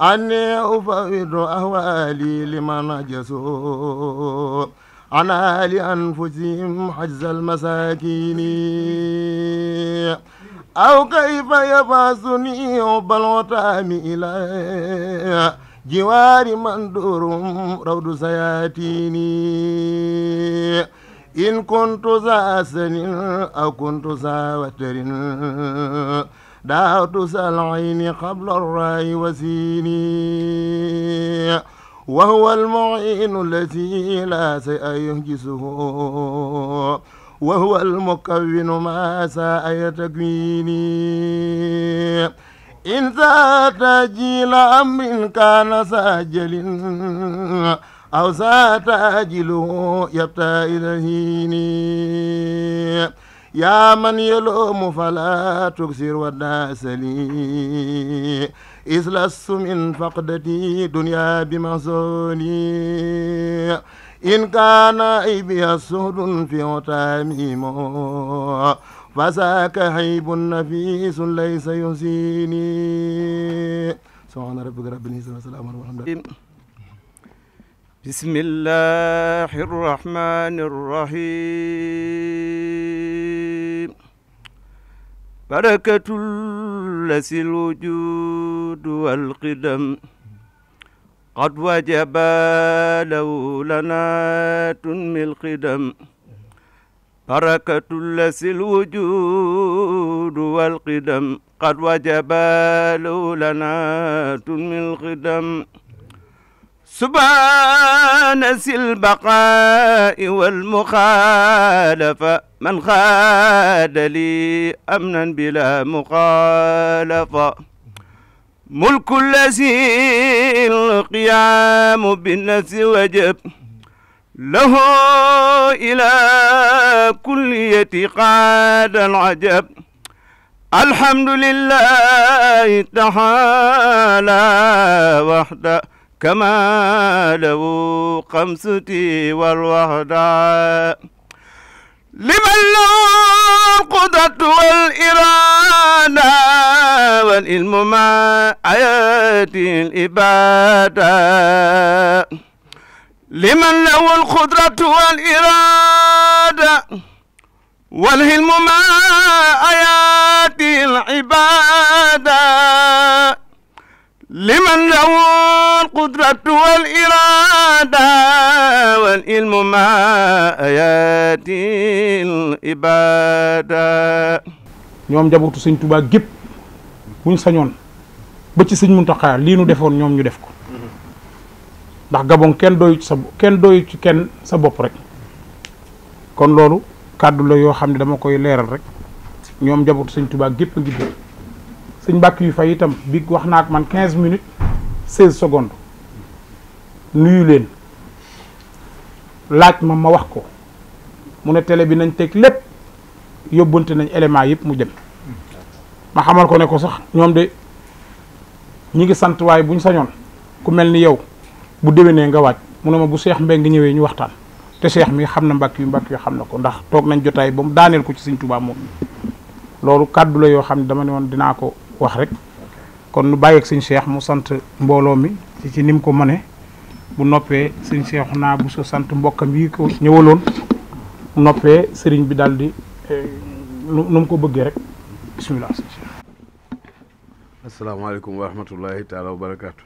أني أفوض أهوالي لمن جسوا أنا لأنفسهم حجز المساكين أو كيف يبعثني حب الغتام إلى جوار من دورهم روض سياتيني إن كنت ذا سن أو كنت ذا وتر دعوت سلعين قبل الراء وسيني وهو المعين الذي لا سيهجسه وهو المكون ما ساء تكويني إن تجيل أمر كان ساجل أو ساتاجله يبتئ إلهيني يا من يلوم فلا تكسر وداسلي إذ لست من فقدتي دنيا بمصولي إن كان عيبي سهل في عتامي فذاك عيب نفيس ليس يزيني سبحان ربك رب العزة وسلام على بسم الله الرحمن الرحيم بركة الذي الوجود والقدم قد وجب لولنا تنمي القدم بركة الذي الوجود والقدم قد وجب لولنا تنمي القدم سبحان ذي البقاء والمخالفة من خاد لي أمنا بلا مخالفة ملك الذي القيام بالنفس وجب له إلى كلية قاد العجب الحمد لله تعالى وحده كما له قمستي والوهدى لمن له القدرة والإرادة والعلم مع آيات الإبادة لمن له القدرة والإرادة والعلم مع آيات العبادة لمن له القدرة والإرادة والعلم مع آيات العبادة ñoom njabootu sëñ Tuubaa gépp buñ sañoon ba ci sëñ Muntaxa lii nu defoon ñoom ñu def ko ndax Gabon kenn doyu ci sa kenn doyu sa bopp rek kon loolu kàddu la yoo xam ne dama koy leeral rek ñoom njabootu sëñ Tuubaa gépp a ngi suñ mbàkk yu fay itam bi wax naa ko man quinze minutes 16 secondes nuyu leen laaj ma ma wax ko mu ne tele bi nañ teg lépp yóbbante nañ élément yëpp mu dem ma xamal ko ne ko sax ñoom de ñi ngi sant waaye buñ sañoon ku mel ni yow bu déwénee nga waaj mu ne ma bu Cheikh Mbengue ñëwee ñu waxtaan te Cheikh mi xam na mbàkk yu mbàkk yu xam na ko ndax toog nañ jotaay ba mu daaneel ko ci Sëñ Tuubaa moom loolu kàddu la yoo xam ne dama ne woon dinaa ko wax rek kon nu bàyyeeg sëñ Cheikh mu sant mbooloo mi ci ci ni ko mëne bu noppee sëñ Cheikh naa bu so sant mbokkam yi ko ñëwaloon noppee sëriñ bi daal di eh, nu ko bëggee rek bisimilah sëñ Cheikh asalaamaaleykum wa rahmatullahi taala wa barakaatu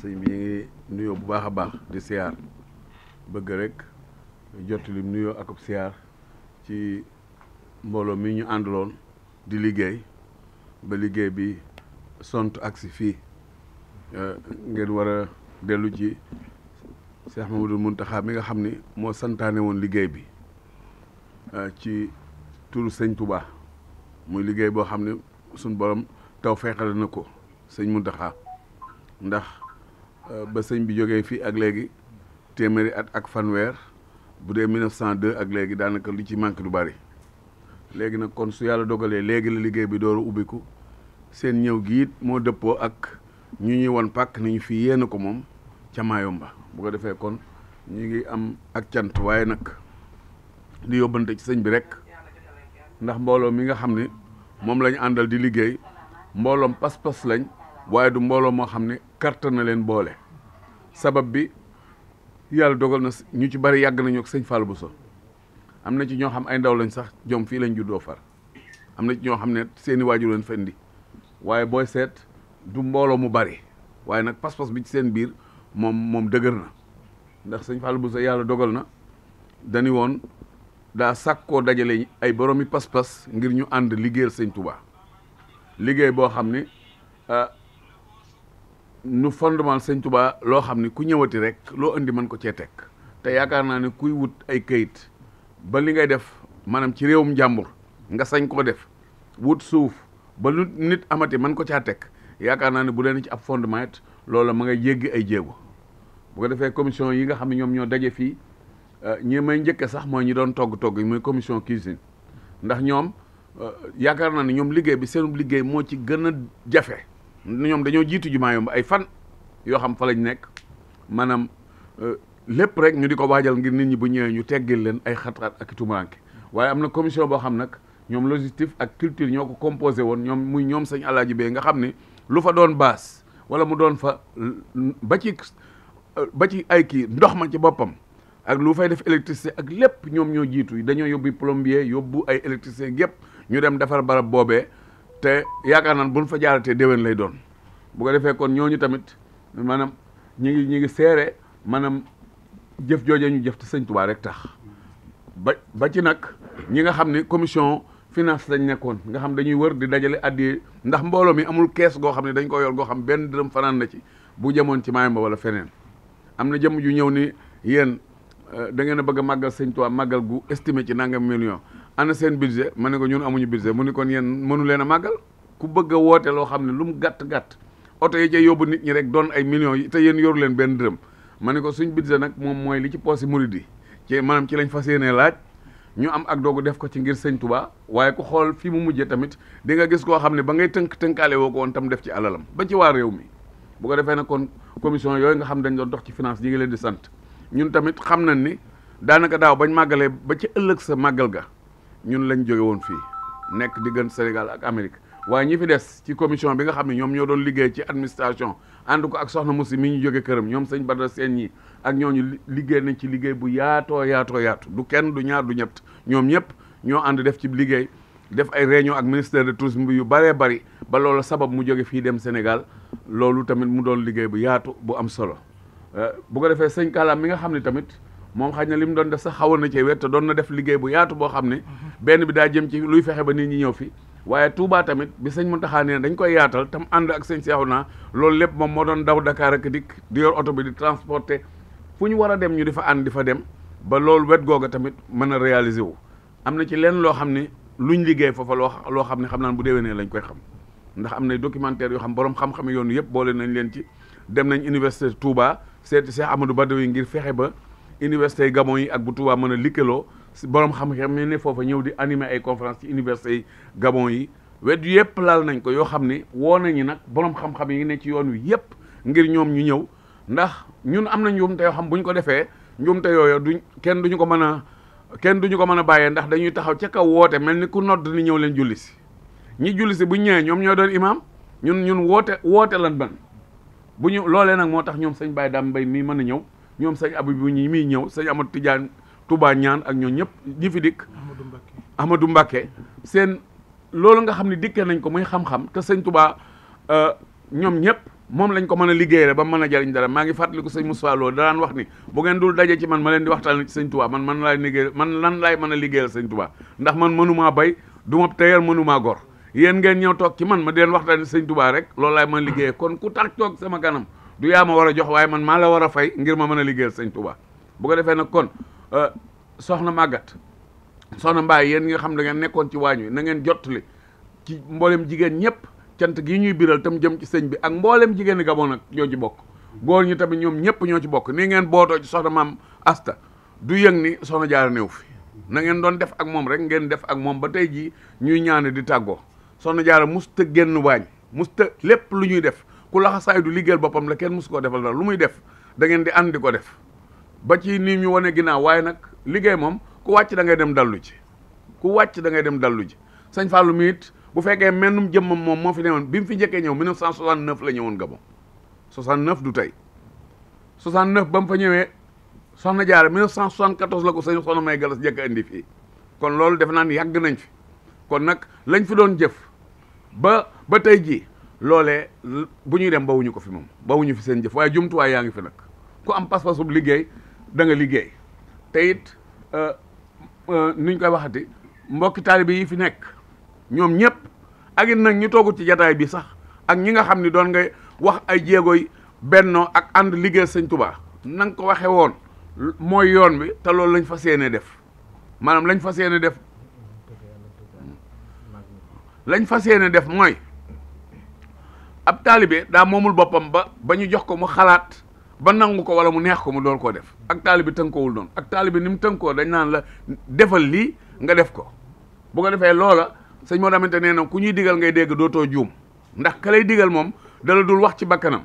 sëñ bi ngi nuyoo bu baax a baax di siyaar bëgg rek jot lim nuyoo ak siyaar ci mbooloo mi ñu àndaloon di liggéey ba liggéey bi sont agsi fii euh, ngeen war a dellu ci Cheikh Mamadou Mountakha mi nga xam ni moo santaane woon liggéey bi euh, ci turu sëñ Touba muy liggéey boo xam ne suñ borom taw feexale na ko sëñ Mountakha ndax euh, ba sëñ bi jógee fii ak léegi téeméeri at ak fanweer bu dee 1902 ak léegi daanaka lu ci manque du bari léegi nag kon su yàlla dogalee léegi la liggéey bi door ubbiku seen ñëw giit moo dëppoo ak ñu ñuy won pàkk ni ñu fi yéen ko moom ca ba bu ko defee kon ñu ngi am ak cant waaye nag di yóbbante ci sëñ bi rek ndax mbooloo mi nga xam ne moom lañu àndal di liggéey mbooloom pas-pas lañ waaye du mbooloo moo xam ne karte na leen boole sabab bi yàlla dogal na ñu ci bari yàgg nañu ak sëñ bu Bousso am na ci ñoo xam ay ndaw lañ sax jom fii lañ juddoo far am na ci ñoo xam ne seeni waajur lañ fa indi waaye booy seet du mbooloo mu bari waaye nag pas-pas bi ci seen biir moom moom dëgër na ndax sëñ bu Bousso yàlla dogal na dañu woon daa sàkkoo dajale ay boroomi pas-pas ngir ñu ànd liggéeyal sëñ Touba liggéey boo xam ne ah, nu fondement sëñ Touba loo xam ne ku ñëwati rek loo indi mën ko cee teg te yaakaar naa ne kuy wut ay kayit ba li ngay def maanaam ci réewum jàmbur nga sañ koo def wut suuf ba lu nit amati man ko caa tek yaakaar naa ne bu leen ci ab fondement it loola ma nga yéggi ay jéego bu ko defee commission yi nga xam ne ñoom ñoo daje fii euh, ñi may njëkke sax mooy ñi doon togg-togg muy commission cuisine ndax ñoom euh, yaakaar naa ni ñoom liggéey bi seen liggéey moo ci gën a jafe ñoom dañoo jiitu jumaa yomb ay fan yoo xam fa lañ nekk maanaam euh, lépp rek ñu di ko waajal ngir nit ñi bu ñëwee ñu teggil leen ay xat-xat ak tumuranke waaye am na commission boo xam nag ñoom logistique ak culture ñoo ko composé woon ñoom muy ñoom sañ Alaaji Bey nga xam ne lu fa doon baas wala mu doon fa ba ci ba ci ay kii ndox ma ci boppam ak lu fay def électricité ak lépp ñoom ñoo jiitu dañoo yóbbu plombier yóbbu ay électricien gépp ñu dem defar barab boobee te yaakaar naan buñ fa jaaratee déwén lay doon ko defee ñooñu tamit maanaam ñi ngi ngi seere maanaam jëf joojee ñu jëf te sëñ rek tax ba ba ci nag ñi nga xam ne commission finance lañ nekkoon nga xam dañuy wër di dajale addiye ndax mbooloo mi amul kees goo xam ne dañ ko yor goo xam benn dërëm fanaan na ci bu jamoon ci maayam ba wala feneen am na jëm ju ñëw ni yéen euh, da ngeen a bëgg a màggal sëñ Tuubaa màggal gu estimé ci nangam million ana seen budget ma ne ko ñun amuñu budget mu ni kon yéen mënu leen a màggal ku bëgg woote loo xam ne lu mu gàtt-gàtt oto yi ca nit ñi rek doon ay millions te yéen yoru leen benn dërëm ma ne ko suñ budget nag moom mooy li ci poosi murid yi ci maanaam ci lañ fa yéenee laaj ñu am ak doogu def ko ci ngir sëñ Touba waaye ku xool fii mu mujjee tamit di nga gis koo xam ne ba ngay tënk tënkaale woo ko woon tam def ci alalam ba ci waa réew mi bu ko defee nag kon commission yooyu nga xam dañ doon dox ci finance ñi ngi leen di sant ñun tamit xam na ni daanaka daaw bañ màggalee ba ci ëllëg sa màggal ga ñun lañ jóge woon fii nekk diggante Sénégal ak Amérique waaye ñi fi des ci commission bi nga xam ne ñoom ñoo doon liggéey ci administration ànd ko ak soxna si mi ñu jóge këram ñoom sëñ Badara seen ñi ak ñooñu liggéey nañ ci liggéey bu yaatoo yaatoo yaatu du kenn du ñaar du ñett ñoom ñëpp ñoo ànd def ci liggéey def ay réunion ak ministère de mbi yu bëree bari ba loolu sabab mu jóge fii dem Sénégal loolu tamit mu doon liggéey bu yaatu bu am solo euh, bu ko defee sëñ Kalaam mi nga xam ne tamit moom xaj na li mu doon def sax xawoon na ci wet te doon na def liggéey bu yaatu boo xam ne mhm. benn bi daa jëm ci luy fexe ba nit ñi ñëw fi waaye Touba tamit bi sëñ Mountakha nee dañ koy yaatal tam ànd ak sëñ Seexu naa loolu lépp moom moo doon daw Dakar ak dikk di yor oto bi di transporter fu ñu war a dem ñu di fa ànd di fa dem ba loolu wet googa tamit mën a réaliser wu. am na ci lenn loo xam ne luñ liggéey foofu loo loo xam ne xam naan bu déwénee lañ koy xam ndax am na documentaire yoo xam borom xam-xam yoon yëpp boole nañ leen ci dem nañ université Touba seeti Cheikh Amadou Badawi ngir fexe ba université Gabon yi ak bu Touba mën a likkaloo borom xam-xam ne foofa ñëw di animer ay conférence ci université yi Gabon yi wet yëpp lal nañ ko yoo xam ne woo nañu nag boroom xam-xam yi ne ci yoon wi yëpp ngir ñoom ñu ñëw ndax ñun am na njuumte yoo xam bu ñu ko defee njuumte yooyu duñ kenn duñu ko mën a kenn du ñu ko mën a bàyyee ndax dañuy taxaw ca kaw woote mel ni ku nodd ni ñëw leen julli si ñi julli si bu ñëwee ñoom ñoo doon imaam ñun ñun woote woote lan ban bu ñu loolee nag moo tax ñoom sëñ Baye Dame Mbaye mii mën a ñëw ñoom sëñ Abib bi ñi mii ñëw sëñ Amadou Tidiane Touba ñaan ak ñoo ñëpp ñi fi dikk Ahmadou Mbacké seen loolu nga xam ni dikke nañ ko muy xam-xam te sëñ tubaa euh, ñoom ñëpp moom lañ ko mën a liggéeyee ba mën a jariñ dara maa ngi fàttaliku sëñ Moussa Lo daan wax ni bu ngeen dul daje man ma leen di waxtaan ci man man laay liggéeyal man lan laay mën a liggéeyal sëñ Touba ndax man mënumaa bay du ma teyal mënumaa gor yéen ngeen ñëw toog ci man ma di leen waxtaan ci sëñ tubaa rek loolu laay mën a liggéeyee kon ku tax toog sama kanam du yaa ma war a jox waaye man maa la war a fay ngir ma mën a liggéeyal sëñ Touba Euh, soxna màggat soxna mbaay yéen ñi nga xam da ngeen nekkoon ci waañ wi na ngeen jottali ci mboolem jigéen ñëpp cant gi ñuy biral tam jëm ci sëñ bi ak mbooleem jigéen ñi gaboon nag ñoo ci bokk góor ñu tamit ñoom ñëpp ñoo ci bokk ni ngeen bootoo ci soxna maam asta du yëg ni soxna jaara néew fi na ngeen doon def ak moom rek ngeen def ak moom ba tey jii ñuy ñaane di tàggoo soxna jaara musta génn waañ musta lépp lu ñuy def ku laxasaay du liggéeyal boppam la kenn mus koo defal dara lu muy def da ngeen di ànd ko def ba ci nii ñu wane ginnaaw waaye nag liggéey moom ku wàcc da ngay dem dallu ci ku wàcc da ngay dem dallu ji sëñ Fallou mi it bu fekkee mennum jëmmam moom moo fi newoon bi mu fi njëkkee ñëw 1969 la ñëwoon Gabon 69 du tey 69 ba mu fa ñëwee soxna jaare 1974 la ko sëñ soxna may galas jëkk indi fii kon loolu def naa ni yàgg nañ fi kon nag lañ fi doon jëf ba ba tey jii loolee bu ñuy dem bawuñu ko fi moom bawuñu fi seen jëf waaye jumtuwaay yaa ngi fi nag ku am pas-pasub liggéey danga liggéey te it euh, euh, nuñ koy waxati mbokki taalibe yi fi nekk ñoom ñëpp ak it nag ñu toogu ci jataay bi sax ak ñi nga xam ni doon nga wax ay jéegoy bennoo ak ànd liggéey sëñ Tuubaa na ko waxee woon mooy yoon wi te loolu lañ fa yéene def maanaam lañ fa yéene def lañ fa yéene def mooy ab taalibe daa moomul boppam ba ba ñu jox ko mu xalaat ba nangu ko wala mu neex ko mu dool koo def ak taalibe tënkowul noonu ak taalibe ni mu tënkoo dañ naan la defal lii nga def ko bu ko defee loola sëñ moo damante nee na ku ñuy digal ngay dégg dootoo juum ndax ka digal moom dala dul wax ci bakkanam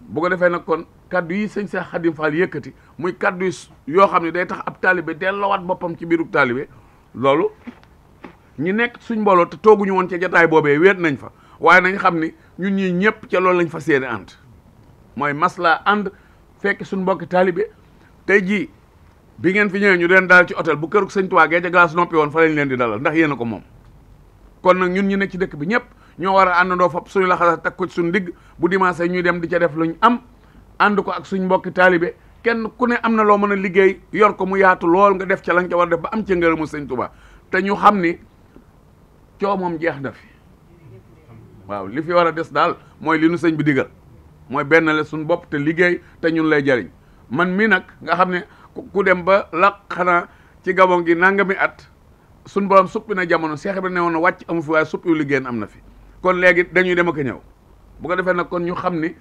bu ko defee nag kon kàddu yi sëñ Seex Xadim Fall yëkkati muy kaddu yoo xam ne day tax ab taalibe delloowaat boppam ci biirub taalibe loolu ñi nekk suñ mbooloo te tooguñu woon ca jataay boobee wéet nañ fa waaye nañ xam ni ñun ñii ñëpp ca loolu lañ fas yéene ànd mooy maslaa ànd fekk suñu mbokki taalibe tey jii bi ngeen fi ñëwee ñu deen daal ci hôtel bu këruk sëñ Tuubaa Géeja Glace noppi woon fa lañ leen di dalal ndax yéen ko moom kon nag ñun ñu ne ci dëkk bi ñëpp ñoo war a àndandoo fab suñu laxasa teg ko suñu digg bu dimanche ñuy dem di ca def luñ am ànd ko ak suñ mbokki taalibe kenn ku ne am na loo mën a liggéey yor ko mu yaatu lool nga def ca lañ ca war def ba am ca ngërëmu sëñ Tuubaa te ñu xam ni coo moom jeex na fi waaw li fi war a des daal mooy li sëñ bi digal mooy benn la suñu bopp te liggéey te ñun lay jariñ man mii nag nga xam ne ku dem ba laq xanaa ci gabon gi nangami at suñ am suppi na jamono Seex Ibra ne woon na wàcc amu fi waaye suppiwu liggéeyan am na fi kon léegi dañuy dem ak ñëw bu ko defee nag kon ñu xam ni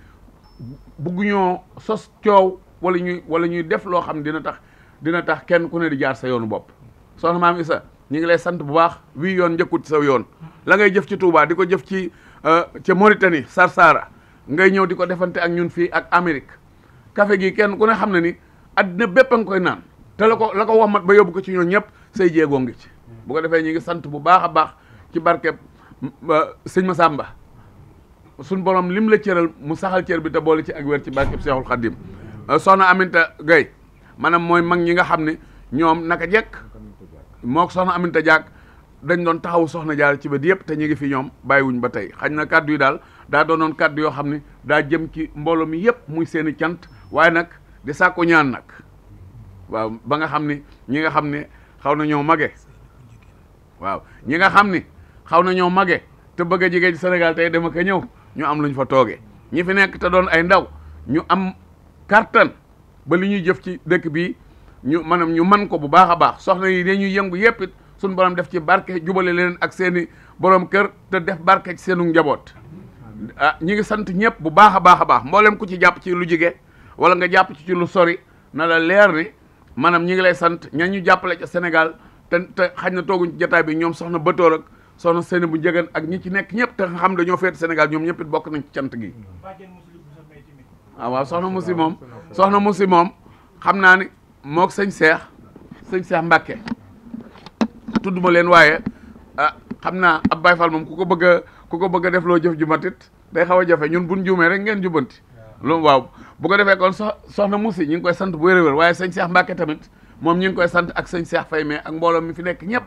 bugguñoo sos coow wala ñuy wala ñuy def loo xam ne dina tax dina tax kenn ku ne di jaar sa yoonu bopp soxna maam Isa ñu ngi lay sant bu baax wii yoon njëkkut sa yoon la ngay jëf ci tuubaa di ko jëf ci euh, ca Mauritanie Sarsara ngay ñëw di ko defante ak ñun fii ak Amérique kafe gi kenn ku ne xam ne ni addina bépp a nga koy naan te la ko la ko wax mat ba yóbbu ko ci ñoom ñëpp say jéegoo ngi ci bu ko defee ñu ngi sant bu baax a baax ci barkeb sëñ Massamba suñ borom lim la cëral mu saxal cër bi te boole ci ak wér ci barkeb Seexul Xaddim euh, soxna Aminta gay maanaam mooy mag ñi nga xam ne ñoom naka jekk moo soxna Aminta jaag dañ doon taxaw soxna jaar ci bët yëpp te ñu ngi fi ñoom bàyyiwuñ ba tey xañ na kàddu yi daal daa doonoon kàddu yoo xam ne daa jëm ci mbooloo mi yëpp muy seeni cant waaye nag di sàkku ñaan nag waaw ba nga xam ni ñi nga xam ne xaw na ñoo mage waaw ñi nga xam ni xaw na ñoo mage te bëgg a jege Sénégal tey dama ko ñëw ñu am lañu fa tooge ñi fi nekk te doon ay ndaw ñu am kartan ba li ñuy jëf ci dëkk bi ñu maanaam ñu man ko bu baax a baax soxna yi dañuy yëngu yëpp it suñu borom def ci barke jubale leen ak seeni boroom kër te def barke ci seenu njaboot ah ngi sant ñëpp bu baax a baax a baax mboolem ku ci jàpp ci lu jige wala nga jàpp ci ci lu sori na la leer ni maanaam ñi ngi lay sant ña ñu jàppale ca Sénégal te te xañ na tooguñ ci bi ñoom soxna Batoor ak soxna Seyni bu Njëgan ak ñu ci nekk ñëpp te xam dañoo féete Sénégal ñoom ñëpp it bokk nañ ci gi. ah soxna Moussi moom soxna Moussi moom xam naa ni moog sëñ Seex sëñ Seex Mbàkke tudd leen waaye ah, xam naa ab Baay Faal moom ku ko bëgg ku ko bëgg def loo jëf ju matit day xaw a jafe ñun buñ juumee rek ngeen jubanti loolu waaw bu ko defee kon soxna Moussi ñu ngi koy sant bu wér a wér waaye sëñ Cheikh Mbacke tamit moom ñu ngi koy sant ak sëñ Cheikh fay mais ak mbooloo mi fi nekk ñëpp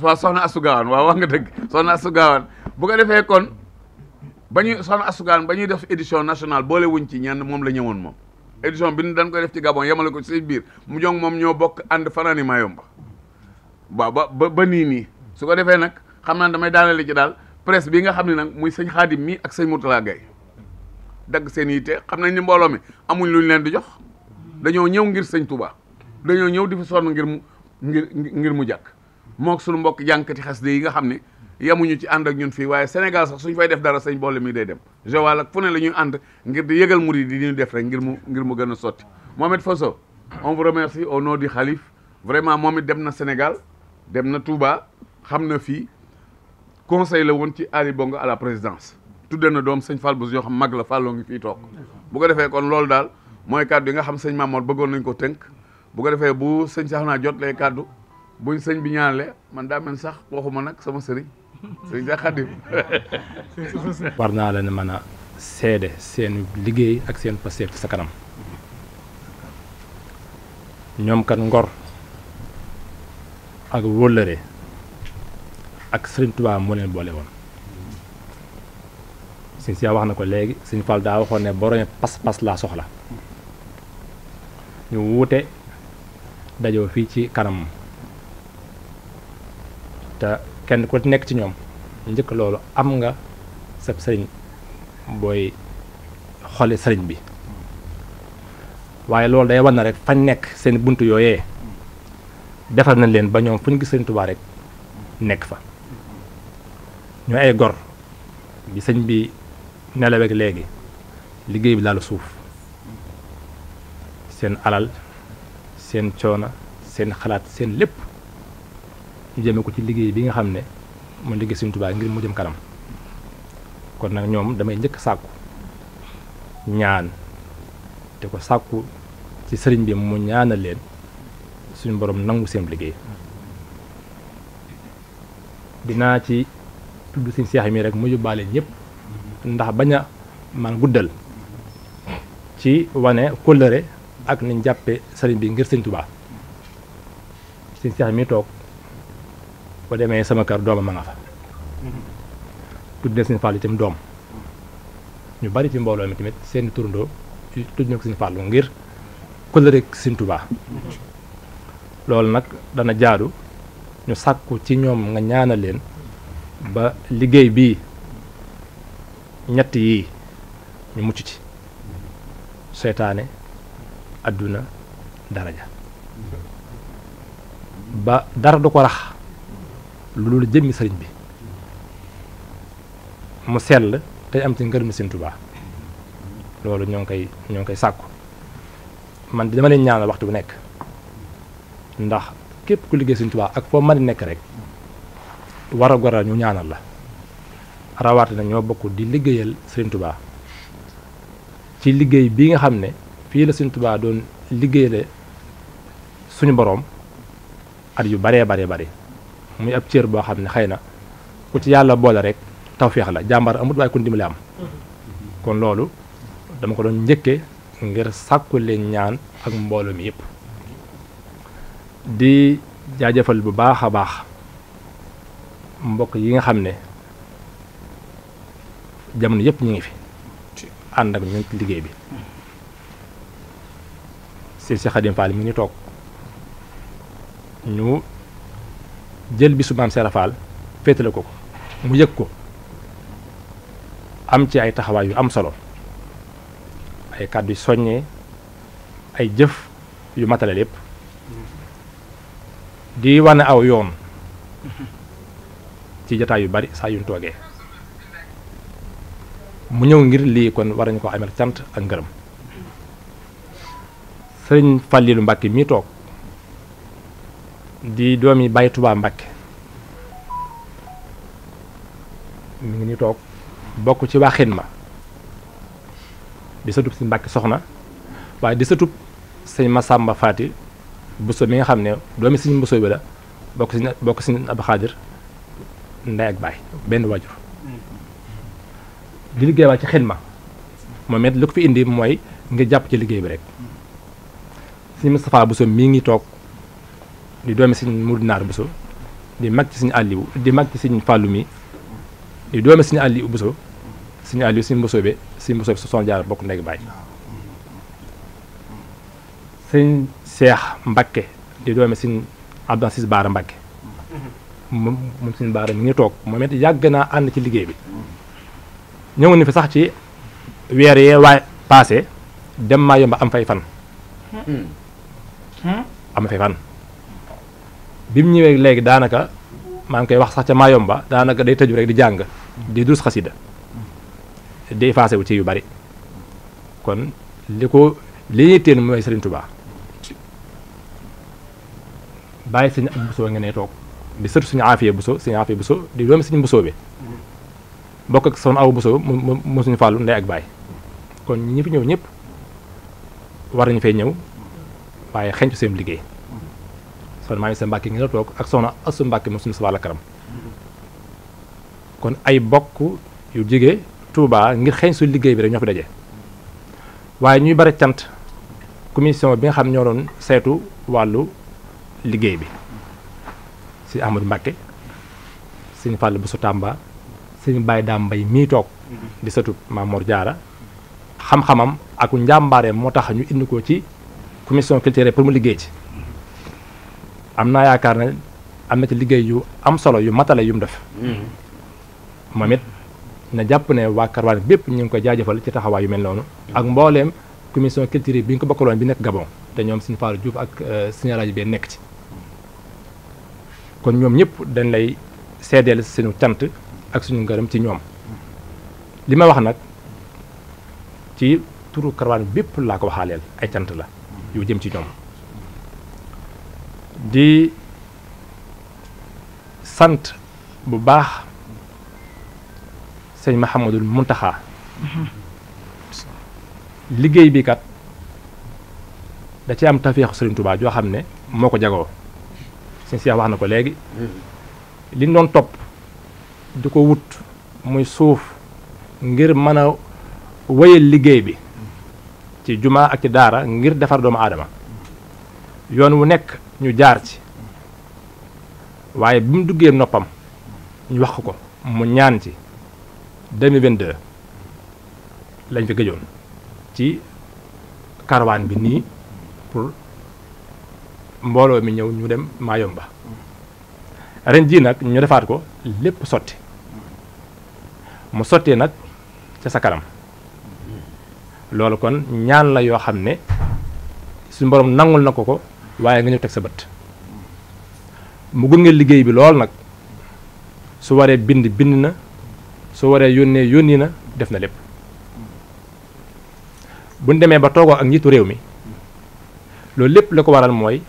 waaw soxna Astou waa wax nga dëgg soxna Astou Gawane bu ko defee kon ba ñuy soxna Astou Gawane ba ñuy def édition national boole wuñ ci ñenn moom la ñëwoon moom édition bi dañ koy def ci Gabon yemale ko ci biir mu jong moom ñoo bokk ànd fanaani Mayumba waaw ba ba nii nii su ko defee nag xam naa damay daanale ci daal presse bi nga xam ne nag muy sañ xaadim mii ak sëñ Mourtala Gaye dagg seen yitte xam nañ ni mbooloo mi amuñ lu leen di jox dañoo ñëw ngir sañ Touba dañoo ñëw di fi sonn ngir mu ngir ngir mu jàkk mook suñu mbokk jànkati xasida yi nga xam ne yemuñu ci ànd ak ñun fii waaye Sénégal sax suñ fay def dara sëñ boole mi day dem Joal ak fu ne la ñuy ànd ngir di yëgal murid yi di ñu def rek ngir mu ngir mu gën a sotti Mohamed Fasso on vous remercie au nom du khalife vraiment moom it dem na Sénégal dem na Touba xam na fii conseil la woon ci Ali Bongo à la présidence tudde na doom sëñ Fall Bousso yoo xam mag la fàlloo ngi fii toog bu ko defee kon loolu daal mooy kàddu yi nga xam sëñ Mamoor bëggoon nañ ko tënk bu ko defee bu sëñ sax naa jot lay kàddu buñ sëñ bi ñaanale man daa mel sax waxuma nag sama sëriñ sëñ sax Xaadim war naa la ne mën a seede seen liggéey ak seen pasteef sa kanam ñoom kat ngor ak wóllëre ak Serigne Touba moo leen boole woon sëñ Sia wax na ko léegi sëñ Fall daa waxoon ne borome pas-pas laa soxla ñu wuute dajoo fii ci kanam te kenn ku nekk ci ñoom njëkk loolu am nga sab sëriñ booy xole sëriñ bi waaye loolu day war na rek fañ nekk seen bunt yooyee defar nañ leen ba ñoom fu ñu gis sëriñ Touba rek nekk fa ñooy ay gor bi sëñ bi nelaweeg léegi liggéey bi laal suuf seen alal seen coona seen xalaat seen lépp ñu jëmee ko ci liggéey bi nga xam ne mu liggéey Sëñ Tuubaa ngir mu jëm kanam kon nag ñoom damay njëkk sàkku ñaan te ko sàkku ci sëriñ bi mu ñaanal leen suñu borom nangu seen liggéey dinaa ci tudd sëñ Seex mi rek mu yóbbaale ñëpp ndax bañ a man guddal ci wane kóllëre ak nañ jàppe sëriñ bi ngir sëñ Tuubaa sëñ Seex mi toog ba demee sama kër dooma ma nga fa tudd na sëñ Fallu itam doom ñu bari fi mbooloo mi tamit seen turndoo tudd na ko ngir kóllëre ak sëñ loolu nag dana jaadu ñu sàkku ci ñoom nga ñaana leen ba liggéey bii ñett yii ñu mucc ci seytaane àdduna daraja ba dara du ko rax loolu jëmmi sëriñ bi mu sell tey am ci ngërëm Sëriñ Tuubaa loolu ñoo ngi koy ñoo ngi koy sàkku man dama leen ñaanal waxtu bu nekk ndax képp ku liggéey Sëriñ Tuubaa ak foo man nekk rek war a gora ñu ñaanal la rawaate nag ñoo bokk di liggéeyal Serigne Touba ci liggéey bi nga xam ne fii la Serigne Touba doon liggéeyale suñu boroom at yu baree baree bare muy ab cër boo xam ne xëy na ku ci yàlla boole rek tawféex la jàmbaar amut waaye ku dimbali am kon loolu dama ko doon njëkke ngir sàkku leen ñaan ak mbooloo mi yëpp di jaajëfal bu baax a baax mbokk yi nga xam ne jamono yëpp ñu ngi fi ànd ak ñun liggéey bi si si Xadim Fall mi ngi toog ñu jël bisu maam Serap féetale ko ko mu yëg ko am ci ay taxawaay yu am solo ay kàddu yu soññee ay jëf yu matale lépp di wane aw yoon ci jataay yu bari saa yuñ toogee mu ñëw ngir lii kon war nañu ko amal cant ak ngërëm sëriñ Fàllilu Mbàkke mii toog di doomi Baay Tubaa Mbàkke mu ngi ni toog bokk ci waxin ma di satub si Mbàkke soxna waaye di satub sëñ sàmba Faati Buso mi nga xam ne doomi sëñ Buso bi la bokk si bokk si Abdu Xaadir ndey ak baay benn waajur di liggéey waa ci xidma moom it lu ko fi indi mooy nga jàpp ci liggéey bi rek suñu Moustapha Bousso mii ngi toog di doomi suñ Mourou Naar di mag ci suñu Aliou di mag ci suñu Fallou mi di doomi suñu Aliou buso suñu Aliou suñu Bousso bi suñu Bousso bi su son jaar bokk ndey ak baay sëñ Cheikh Mbakke di doomi suñu Abdou Assis Baara Mbakke moom moom suñu baara mi ngi toog moom it yàgg naa ànd ci liggéey bi ñëw ni fi sax ci weer yee waay paase dem maa yomba am fay fan hmm. am fay fan bi mu ñëwee léegi daanaka maa ngi koy wax sax ca maa yomba daanaka day tëju rek di jàng di dus xasida day faase wu ci yu bari kon li ko li ñuy teen mooy Sëriñ Tubaa bàyyi sëñ ab busoo nga ne toog di sëtu suñu aafiya buso suñu aafiya buso di doomi suñu buso bi bokk ak son aw buso mu mu suñu fàllu ndey ak baay kon ñi fi ñëw ñëpp war nañu fay ñëw waaye xencu seen liggéey soxna maa ngi seen mbàkke ngi la toog ak soxna asu mbàkke mu suñu sa wàlla karam kon ay bokk yu jigee tuubaa ngir xeeñ su liggéey bi rek ñoo fi daje waaye ñuy bare cant commission bi nga xam ñoo doon saytu wàllu liggéey bi sëñ Ahmadou Mbacke sëñ Fallou Bousso Tamba sëñ Baye Dame Mbaye mii toog di satut Maam Mor Diarra xam-xamam ak njàmbaareem moo tax ñu indi ko ci commission culturelle pour mu liggéey ci am naa yaakaar ne am na ci liggéey yu am solo yu matale yu mu def moom it na jàpp ne waa Caravane bépp ñu ngi koy jaajëfal ci taxawaay yu mel noonu ak mbooleem commission culturelle bi ñu ko bokkaloon bi nekk Gabon te ñoom sëñ Fallou Diouf ak euh, sëñ Alaaji bi nekk ci kon ñoom ñëpp dañ lay seedeel suñu cant ak suñu ngërëm ci ñoom li ma wax nag ci turu karawaan bépp laa ko waxaaleel ay cant la yu jëm ci ñoom di sant bu baax sëñ Mahamadul Muntaxa liggéey bi kat da ci am tafeexu Sëriñ Tuubaa joo xam ne moo ko jagoo sëñ Cheikh wax na ko léegi mm-hmm. li ñu doon topp di ko wut muy suuf ngir mën a wéyal liggéey bi ci jumaa ak ci daara ngir defar doomu aadama yoon wu nekk ñu jaar ci waaye bi mu duggee noppam ñu wax ko mu ñaan ci 2022 lañ fi gëjoon ci caravane bi nii pour mbooloo mi ñëw ñu dem Mayomba ren jii nag ñu defaat ko lépp sotti mu sottee nag ca sa kanam loolu kon ñaan la yoo xam ne su borom nangul na ko ko waaye nga ñëw teg sa bët mu gunge liggéey bi lool nag su waree bind bind na su waree yónnee yónni na def na lépp buñ demee ba toogoo ak njiitu réew mi loolu lépp la ko waral mooy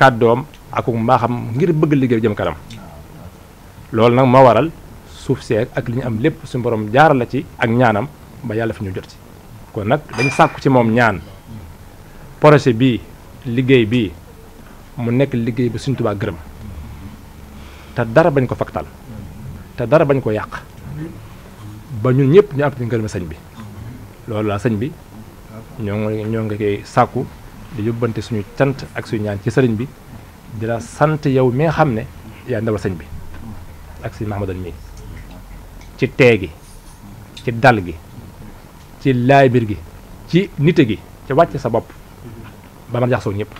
kàddoom ak mbaaxam ngir bëgg liggéey jëm kanam loolu nag ma waral suuf seeg ak li ñu am lépp suñu borom jaaral la ci ak ñaanam ba yàlla fi ñu jot ci kon nag dañ sàkku ci moom ñaan projet bi liggéey bi mu nekk liggéey bi suñ tubaa gërëm te dara bañ ko faktal te dara bañ ko yàq ba ñun ñëpp ñu am ci ngërëm sëñ bi loolu laa sëñ bi ñoo ngi koy sàkku di yóbbante suñu cant ak suñu ñaan ci sëriñ bi dina sant yow mi nga xam ne yaa ndawal sëñ bi ak sëñ Mahamadan mi ci tee gi ci dal gi ci laabir gi ci nite gi ci wàcc sa bopp ba man jaxasoo ñëpp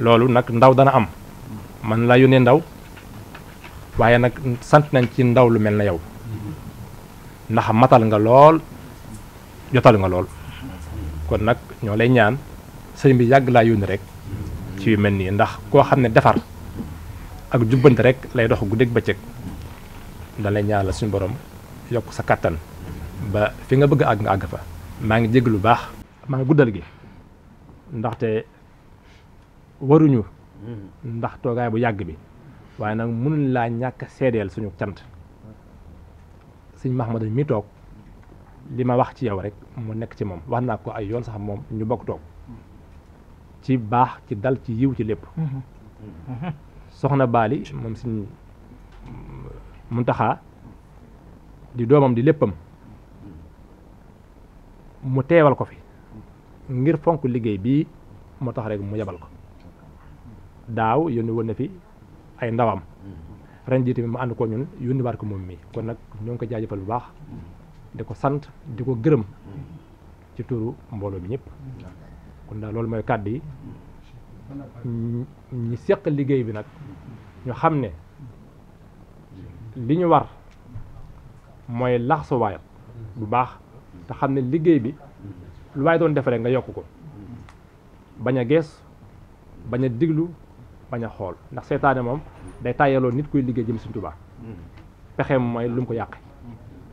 loolu nag ndaw dana am man laa yónnee ndaw waaye nag sant nañ ci ndaw lu mel na yow ndax matal nga lool jotal nga lool kon nag ñoo lay ñaan sëriñ bi yàgg laa yónni rek ci yu mel nii ndax koo xam ne defar ak jubbante rek lay dox guddeeg bëccëg da lay ñaan la suñu boroom yokk sa kattan ba fi nga bëgg a àgg nga fa. maa ngi jégg lu baax. maa ngi guddal gi ndaxte waruñu ndax toogaay bu yàgg bi waaye nag mënuñ laa ñàkk seedeel suñu cant ma Mahmadou mi toog li ma wax ci yow rek mu nekk ci moom wax naa ko ay yoon sax moom ñu bokk toog. ci baax ci dal ci yiw ci lépp mhm. soxna baali moom suñ muntaxaa di doomam di léppam mu teewal ko fi ngir fonk liggéey bii moo tax rek mu yabal ko daaw yónni woon fi ay ndawam ren jii tamit mu ànd koo ñun yónni waat ko moom mii kon nag ñoo ngi ko jaajëfal bu baax di ko sant di ko gërëm ci turu mbooloo bi ñëpp kon daal loolu mooy kàddu yi ñi seq liggéey bi nag ñu xam ne li ñu war mooy lax su waayam bu baax te xam ne liggéey bi lu waay doon defaree nga yokk ko bañ a gees bañ a diglu bañ a xool ndax seytaane moom day tàyyaloo nit kuy liggéey jëm Sëriñ pexeem mooy lu mu ko yàqe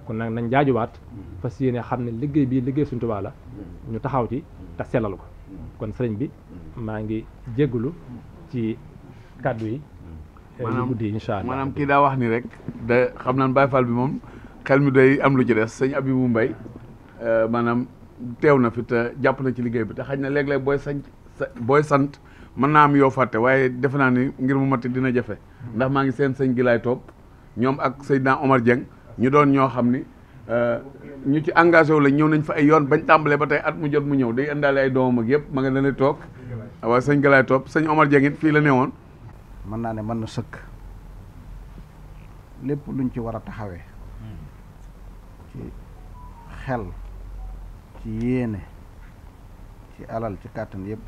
kon nag nañ jaajuwaat fas yéene xam ne liggéey bi liggéey Sëriñ Tuubaa la ñu taxaw ci te sellal ko kon sëriñ bi maa ngi jégalu ci kàddu yi. Eh, maanaam guddi incha maanaam kii daa wax ni rek da xam naan Baye Fall bi moom xel mi day am lu ci des sëñ Abibou Mbaye eh, maanaam teew na fi te jàpp na ci liggéey bi te xañ na léeg-léeg booy sañ booy sant mën naa am yoo fàtte waaye defe naa ni ngir mu matti dina jafe ndax maa ngi seen sëñ gi laay topp ñoom ak Seydina Omar Dieng ñu doon ñoo xam ni Euh, ñu ci engagé wu ñëw nañ fa ay yoon bañ tàmbalee ba tey at mu jot mu ñëw day indaale ay doomam ak yëpp ma nga leen toog waaw sëñ Galaye topp sëñ Omar Dieng fii la ne woon mën naa ne mën na sëkk lépp luñ ci war a taxawee ci xel ci yéene ci alal ci kàttan yëpp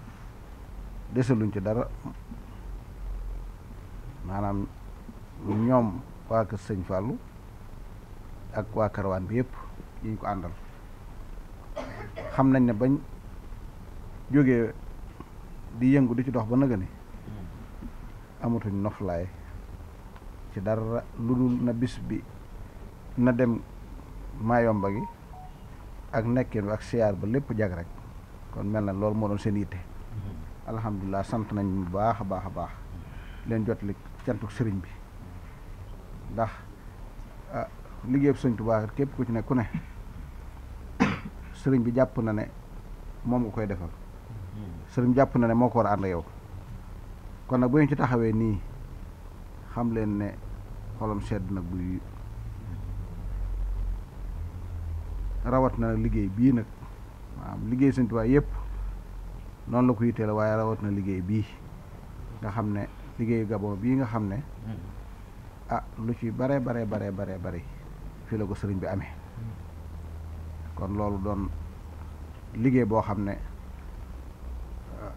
desaluñ ci dara maanaam ñoom waa kër sëñ Fallou ak waa karawaan bi yëpp ñu ko àndal xam nañ ne bañ jóge di yëngu di ci dox ba nëga ni amatuñ noflaay ci dara lu dul na bis bi na dem maayomba gi ak nekkin ak siyaar ba lépp jag rek kon mel na loolu moo doon seen yitte alhamdulilah sant nañ bu baax a baax a baax leen jot li cantuk sëriñ bi ndax liggéeyub sëñ Tuubaa képp ku ci ne ku ne sëriñ bi jàpp na ne moom nga koy defal sëriñ jàpp na ne moo ko war ànd yow kon nag bu ñu ci taxawee nii xam leen ne xolom sedd na buy rawat na liggéey bii nag maanaam liggéey sëñ Tuubaa yëpp noonu la ko yitteel waaye rawat na liggéey bii nga xam ne liggéeyu Gabon bii nga xam ne hmm. ah lu ci bare bare bare bare bare fii la ko sëriñ bi ame kon loolu doon liggéey boo xam ne ah,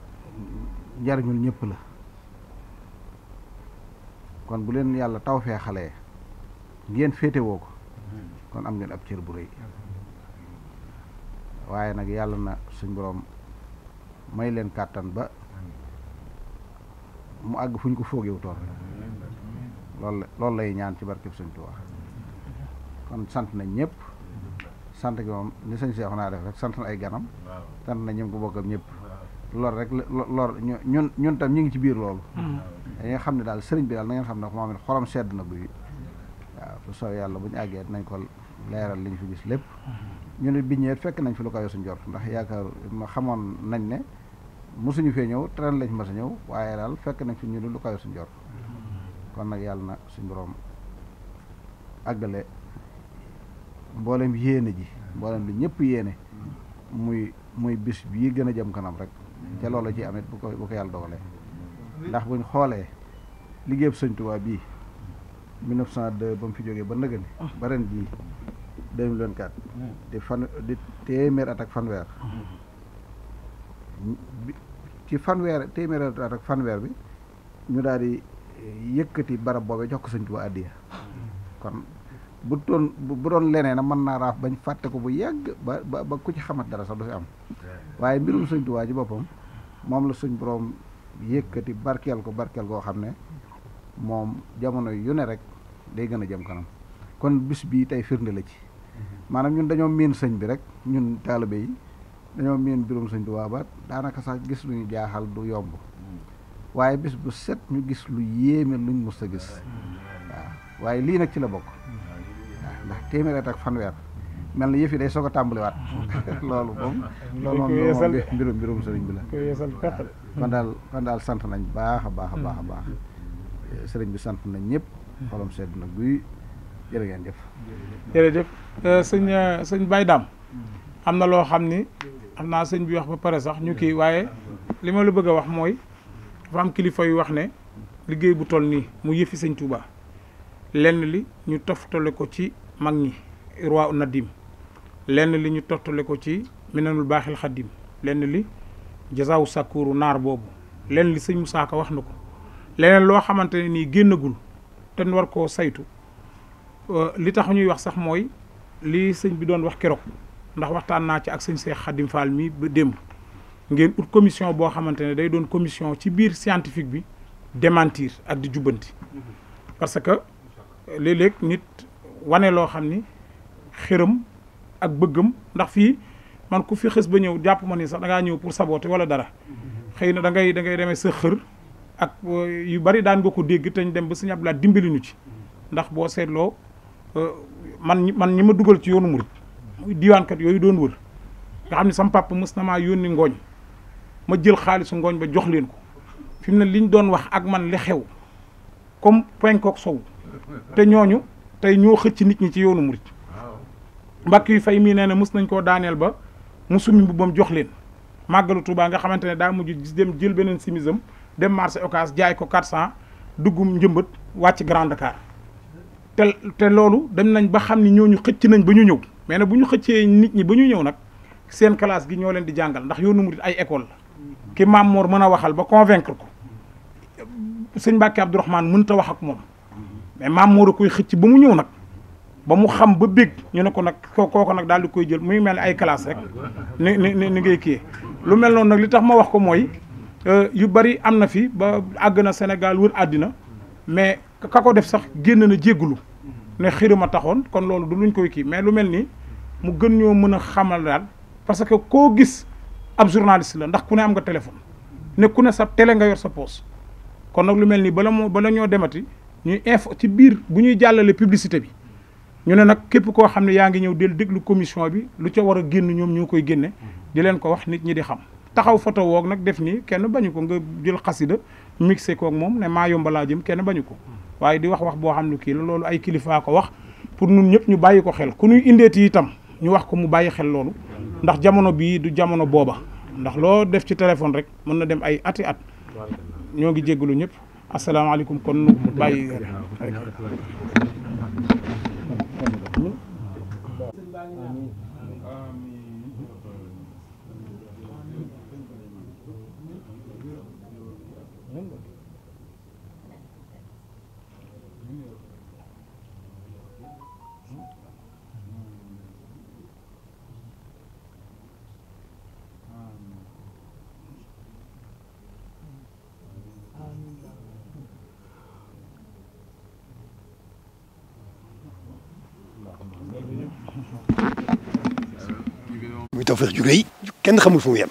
njariñul ñëpp la kon bu leen yàlla tawfee xale ngeen féetewoo ko kon am ngeen ab cër bu rëy waaye nag yàlla na suñ boroom may leen kàttan ba mu àgg fu ñu ko foogewutoon loolu loolu lay ñaan ci barkeb Sëñ Tuubaa kon sant nañ ñëpp sant gi moom ni sëñ Cheikh naa def rek sant na ay ganam sant na ñim ko bokkam ñëpp loolu rek lool ñun ñun ñu ngi ci biir loolu hmm. dañuy xam ne daal sëriñ bi daal na ngeen xam ne moom it xolam sedd na buy waaw bu soobee yàlla bu ñu àggee nañ ko leeral li fi gis lépp hmm. ñu ne bi ñëwee fekk nañ fi lu kawe suñ jort ndax yaakaar ma xamoon nañ ne mosuñu fee ñëw tren lañ mas a ñëw waaye daal fekk nañ fi ñu ne lu kawe suñ jort hmm. kon nag yàlla na suñ borom àggale mboolem yéene ji mboolem li ñëpp yéene muy muy bis bii gën a jëm kanam rek ca loola ci amit bu ko bu ko yàlla dogalee ndax buñ xoolee liggéeyub sëñ Tuubaa bii ba mu fi jógee ba nëgëni ba ren jii 2024 di fan di téeméer at ak fanweer ci fanweer téeméer at ak fanweer bi ñu daal di yëkkati barab boobee jox ko sëñ Tuubaa kon bu doon bu doon leneen a mën naa raaf bañ fàtte ko bu yàgg ba ba ku ci xamat dara sax du si am waaye mbirum sëñ Tuubaa ji boppam moom la suñ borom yëkkati barkeel ko barkeel koo xam ne moom jamono yu ne rek day gën a jëm kanam kon bis bii tey firnde la ci maanaam ñun dañoo miin sëñ bi rek ñun taalibe yi dañoo miin mbirum sëñ Tuubaa ba daanaka sax gis lu ñu jaaxal du yomb waaye bis bu set ñu gis lu yéeme luñ mës sa gis waaye lii nag ci la bokk ndax téeméer ak fanweer mel na yëf yi day soog a tàmbaliwaat loolu moom loolu moom mbirum mbirum sëriñ bi la kon daal kon daal sant nañ baax a baax a baax a baax sëriñ bi sant nañ ñëpp xolom sedd na guy jërë ngeen jëf jërëjëf euh, sëñ euh, sëñ Baye Dame am na loo xam ni xam naa sëñ bi wax ba pare sax ñu kii waaye li ma la bëgg a wax mooy dafa am kilifa yu wax ne liggéey bu toll nii mu yëfi sëñ Touba lenn li ñu toftale ko ci mag ñi irwaa u nadim lenn li ñu tottale ko ci minanul baaxil xadim lenn li jasaawu sàkkuru naar boobu lenn li sëñ Musaa Ka wax na ko leneen loo xamante ne nii génnagul te nu war ko saytu euh, li tax ñuy wax sax mooy li sëñ bi doon wax keroog ndax waxtaan naa ci ak sëñ Seex Xadim Fall mi ba démb ngeen ut commission boo xamante ne day doon commission ci biir scientifique bi démentir ak di jubbanti mm-hmm. parce que léeg-léeg nit wane loo xam ni xëram ak bëggam ndax fii man ku fi xës ba ñëw jàpp ma ni sax dangaa ñëw pour saboter wala dara xëy na da ngay da ngay demee sa xër ak euh, yu bari daan nga ko dégg te ñu dem ba si Abdou Lahad dimbali ci ndax boo seetloo euh, man man ñi ma dugal ci yoonu mu muy diwaankat yooyu doon wër nga xam ne sama papa mës na maa yónni ngooñ ma jël xaalisu ngooñ ba jox leen ko fi mu ne liñ doon wax ak man li xew comme penkook sow te ñooñu tey ñoo xëcc nit ñi ci yoonu murit mbàkk yu fay mii nee na mës nañ koo daaneel ba mu summi mbubbam jox leen màggalu Tuubaa nga xamante ne daa mujj dem jël beneen simisam dem marché Ocass jaay ko 400 duggum njëmbat wàcc Grand Dakar te loolu dem nañ ba xam ni ñooñu xëcc nañ ba ñu ñëw mais nag bu ñu xëccee nit ñi ba ñu ñëw nag seen classe gi ñoo leen di jàngal ndax yoonu murit ay école ki Maam mën a waxal ba convaincre ko sëñ Mbàkke Abdourahmane mënta wax ak moom mais Mamour kuy xëcc ba mu ñëw nag ba mu xam ba bég ñu ne ko nag ko nag daal di koy jël muy mel ay classe rek ni ni ni ngay kii lu mel noonu nag li tax ma wax ko mooy euh, yu bari am na fi ba àgg na Sénégal wër àddina mais ka ko def sax génn na jéggulu ne xirima taxoon kon loolu du luñ koy kii mais lu mel nii mu gën ñoo mën a xamal daal parce que koo gis ab journaliste la ndax ku ne am nga téléphone ne ku ne sa télé nga yor sa poos kon nag lu mel nii bala moo bala ñoo demati. ñuy info ci biir bu ñuy jàllale publicité bi ñu ne nag képp koo xam ne yaa ngi ñëw dellu déglu commission bi lu ca war a génn ñoom ñoo koy génne di leen ko wax nit ñi di xam taxaw photo woog nag def nii kenn bañu ko nga jël xasida mixé kook moom ne maa yomba laa jëm kenn bañu ko waaye di wax wax boo xam ne kii la loolu ay kilifaa ko wax pour ñun ñëpp ñu bàyyi ko xel ku ñuy indeeti itam ñu wax ko mu bàyyi xel loolu ndax jamono bii du jamono booba ndax loo def ci téléphone rek mën na dem ay ati at ñoo ngi jéggalu ñëpp asalaamaaleykum kon bàyyi muy Tawfekh ju rëy kenn xamul fu mu yem